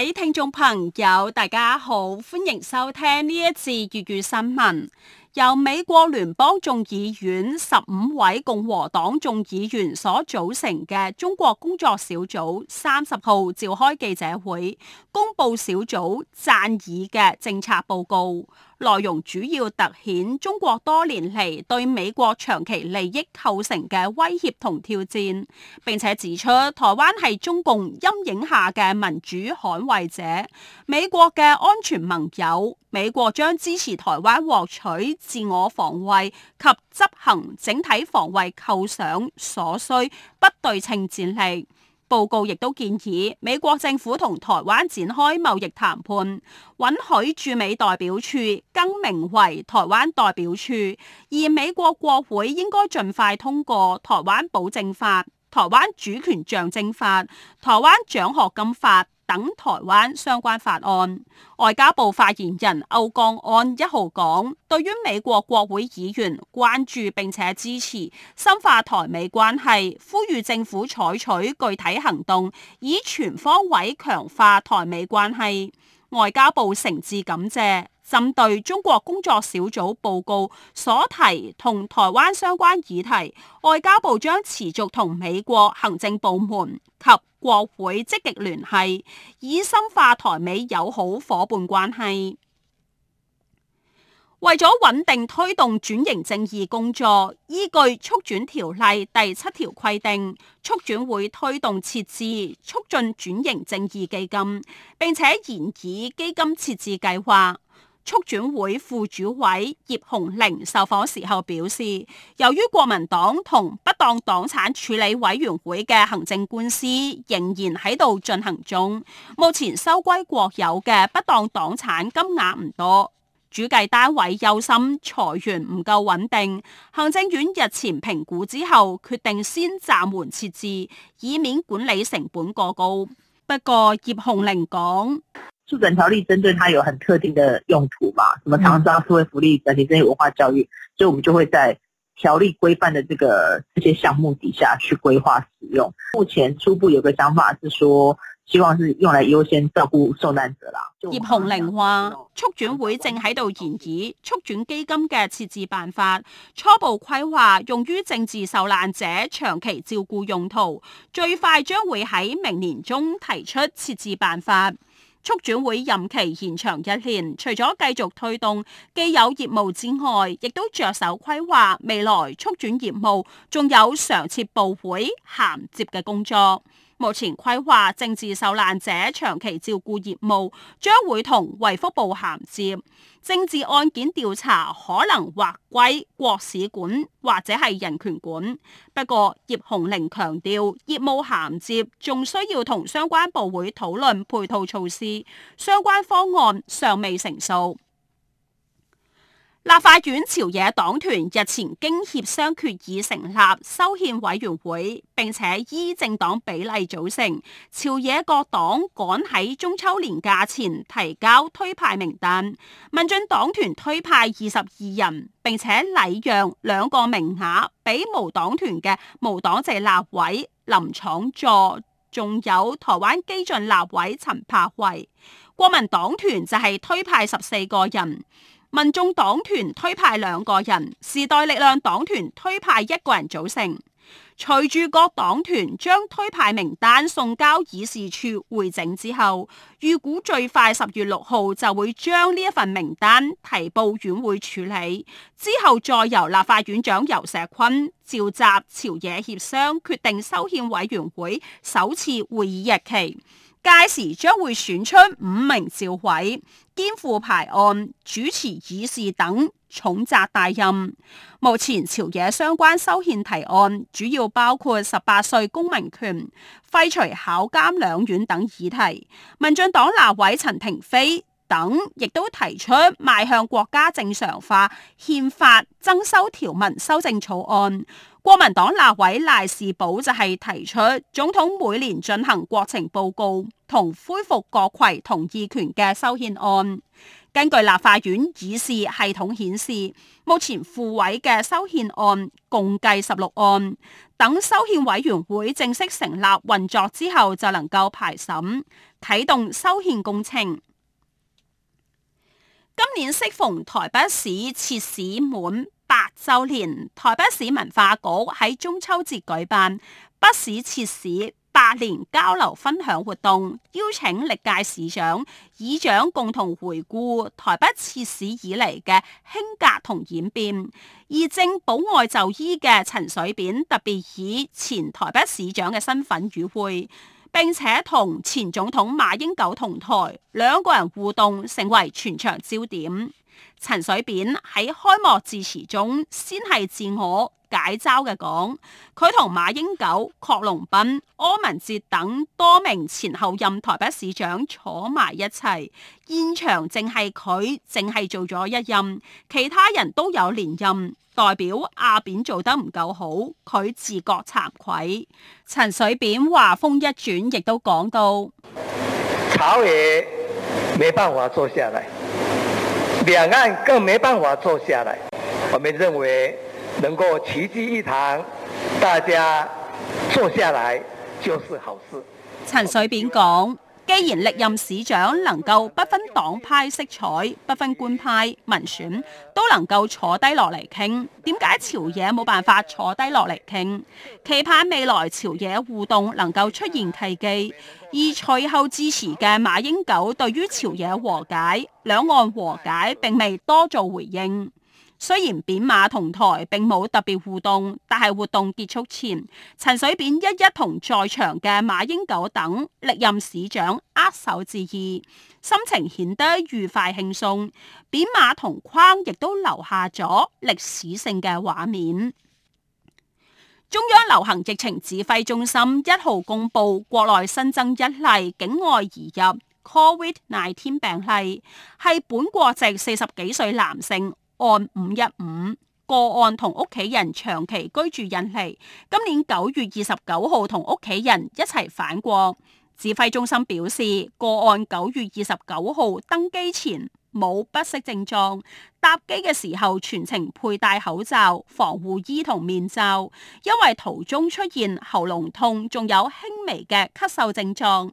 各位聽眾朋友，大家好，歡迎收聽呢一次粵語新聞。由美國聯邦眾議院十五位共和黨眾議員所組成嘅中國工作小組，三十號召開記者會，公布小組贊議嘅政策報告。內容主要凸顯中國多年嚟對美國長期利益構成嘅威脅同挑戰，並且指出台灣係中共陰影下嘅民主捍衛者，美國嘅安全盟友，美國將支持台灣獲取自我防衛及執行整體防衛構想所需不對稱戰力。報告亦都建議美國政府同台灣展開貿易談判，允許駐美代表處更名為台灣代表處，而美國國會應該盡快通過台灣保證法、台灣主權象徵法、台灣獎學金法、等台灣相關法案，外交部發言人歐江安一號講：對於美國國會議員關注並且支持深化台美關係，呼籲政府採取具體行動，以全方位強化台美關係，外交部誠摯感謝。針對中國工作小組報告所提同台灣相關議題，外交部將持續同美國行政部門及國會積極聯繫，以深化台美友好伙伴關係。為咗穩定推動轉型正義工作，依據《促轉條例》第七條規定，促轉會推動設置促進轉型正義基金，並且研擬基金設置計劃。促轉會副主委葉虹靈受訪時候表示，由於國民黨同不當黨產處理委員會嘅行政官司仍然喺度進行中，目前收歸國有嘅不當黨產金額唔多，主計單位憂心財源唔夠穩定，行政院日前評估之後決定先暫緩設置，以免管理成本過高。不過葉虹靈講。促轉條例針對它有很特定的用途嘛，什麼長照、社會福利、家庭、文化、教育，所以我們就會在條例規範的這個這些項目底下去規劃使用。目前初步有個想法是說，希望是用來優先照顧受難者啦。葉紅玲話：促轉會正喺度研議促轉基金嘅設置辦法，初步規劃用於政治受難者長期照顧用途，最快將會喺明年中提出設置辦法。促轉會任期延長一年，除咗繼續推動既有業務之外，亦都着手規劃未來促轉業務，仲有常設部會銜接嘅工作。目前規劃政治受難者長期照顧業務將會同衛福部銜接，政治案件調查可能劃歸國史館或者係人權館。不過葉虹靈強調，業務銜接仲需要同相關部會討論配套措施，相關方案尚未成熟。立法院朝野黨團日前經協商決議成立修憲委員會，並且依政黨比例組成。朝野各黨趕喺中秋年假前提交推派名單。民進黨團推派二十二人，並且禮讓兩個名額俾無黨團嘅無黨籍立委林昶佐，仲有台灣基進立委陳柏惟。國民黨團就係推派十四個人。民眾黨團推派兩個人，時代力量黨團推派一個人組成。隨住各黨團將推派名單送交議事處會整之後，預估最快十月六號就會將呢一份名單提報院會處理，之後再由立法院長游錫堃召集朝野協商，決定修憲委員會首次會議日期。屆時將會選出五名召委，肩負排案、主持議事等重責大任。目前朝野相關修憲提案，主要包括十八歲公民權、廢除考監兩院等議題。民進黨立委陳庭飛。等亦都提出邁向國家正常化憲法增修條文修正草案。國民黨立委賴士葆就係提出總統每年進行國情報告同恢復閣揆同意權嘅修憲案。根據立法院議事系統顯示，目前付委嘅修憲案共計十六案。等修憲委員會正式成立運作之後，就能夠排審啟動修憲工程。今年適逢台北市設市滿百週年，台北市文化局喺中秋節舉辦「北市設市百年交流分享活動」，邀請歷屆市長、議長共同回顧台北設市以嚟嘅興革同演變。而正保外就醫嘅陳水扁特別以前台北市長嘅身份與會。並且同前總統馬英九同台，兩個人互動成為全場焦點。陳水扁喺開幕致辭中先係自我解嘲嘅講，佢同馬英九、郝龍斌、柯文哲等多名前後任台北市長坐埋一齊，現場淨係佢淨係做咗一任，其他人都有連任，代表阿扁做得唔夠好，佢自覺慚愧。陳水扁話風一轉，亦都講到朝野，沒辦法坐下來。兩岸更沒辦法坐下來，我們認為能夠齊聚一堂，大家坐下來就是好事。陳水扁講。既然歷任市長能夠不分黨派色彩、不分官派民選，都能夠坐低落嚟傾，點解朝野冇辦法坐低落嚟傾？期盼未來朝野互動能夠出現契機，而隨後支持嘅馬英九對於朝野和解、兩岸和解並未多做回應。雖然扁馬同台並冇特別互動，但係活動結束前，陳水扁一一同在場嘅馬英九等歷任市長握手致意，心情顯得愉快輕鬆。扁馬同框亦都留下咗歷史性嘅畫面。中央流行疫情指揮中心一號公布，國內新增一例境外移入 COVID-19 病例，係本國籍四十幾歲男性。案五一五個案同屋企人長期居住印尼，今年九月二十九號同屋企人一齊返國。指揮中心表示，個案九月二十九號登機前冇不適症狀，搭機嘅時候全程佩戴口罩、防護衣同面罩，因為途中出現喉嚨痛，仲有輕微嘅咳嗽症狀。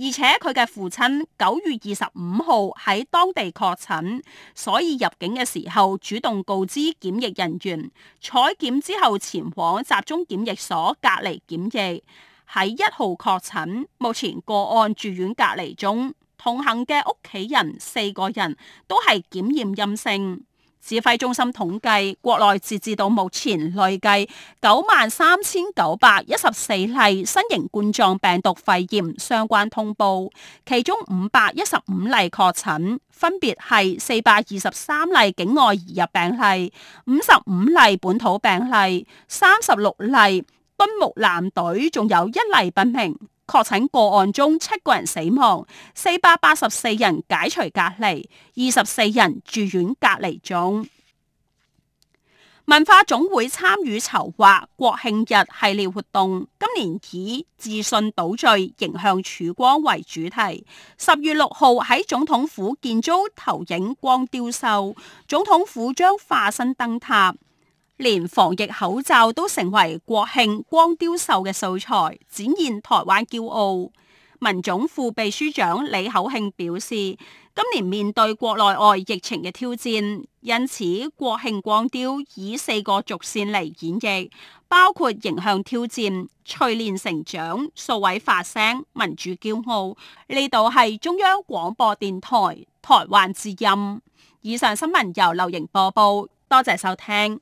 而且佢嘅父親九月二十五號喺當地確診，所以入境嘅時候主動告知檢疫人員，採檢之後前往集中檢疫所隔離檢疫，喺一號確診，目前個案住院隔離中，同行嘅屋企人四個人都係檢驗陰性。指揮中心統計，國內截至到目前，累計九萬三千九百一十四例新型冠狀病毒肺炎相關通報，其中五百一十五例確診，分別係四百二十三例境外移入病例、五十五例本土病例、三十六例敦睦艦隊，仲有一例不明。確診個案中七個人死亡，四百八十四人解除隔離，二十四人住院隔離中。文化總會參與籌劃國慶日系列活動，今年以自信島嶼，迎向曙光為主題。十月六號喺總統府建築投影光雕秀，總統府將化身燈塔。連防疫口罩都成為國慶光雕秀嘅素材，展現台灣驕傲。民總副秘書長李厚慶表示，今年面對國內外疫情嘅挑戰，因此國慶光雕以四個軸線嚟演繹，包括迎向挑戰、淬煉成長、數位發聲、民主驕傲。呢度係中央廣播電台台灣之音。以上新聞由劉瑩播報，多謝收聽。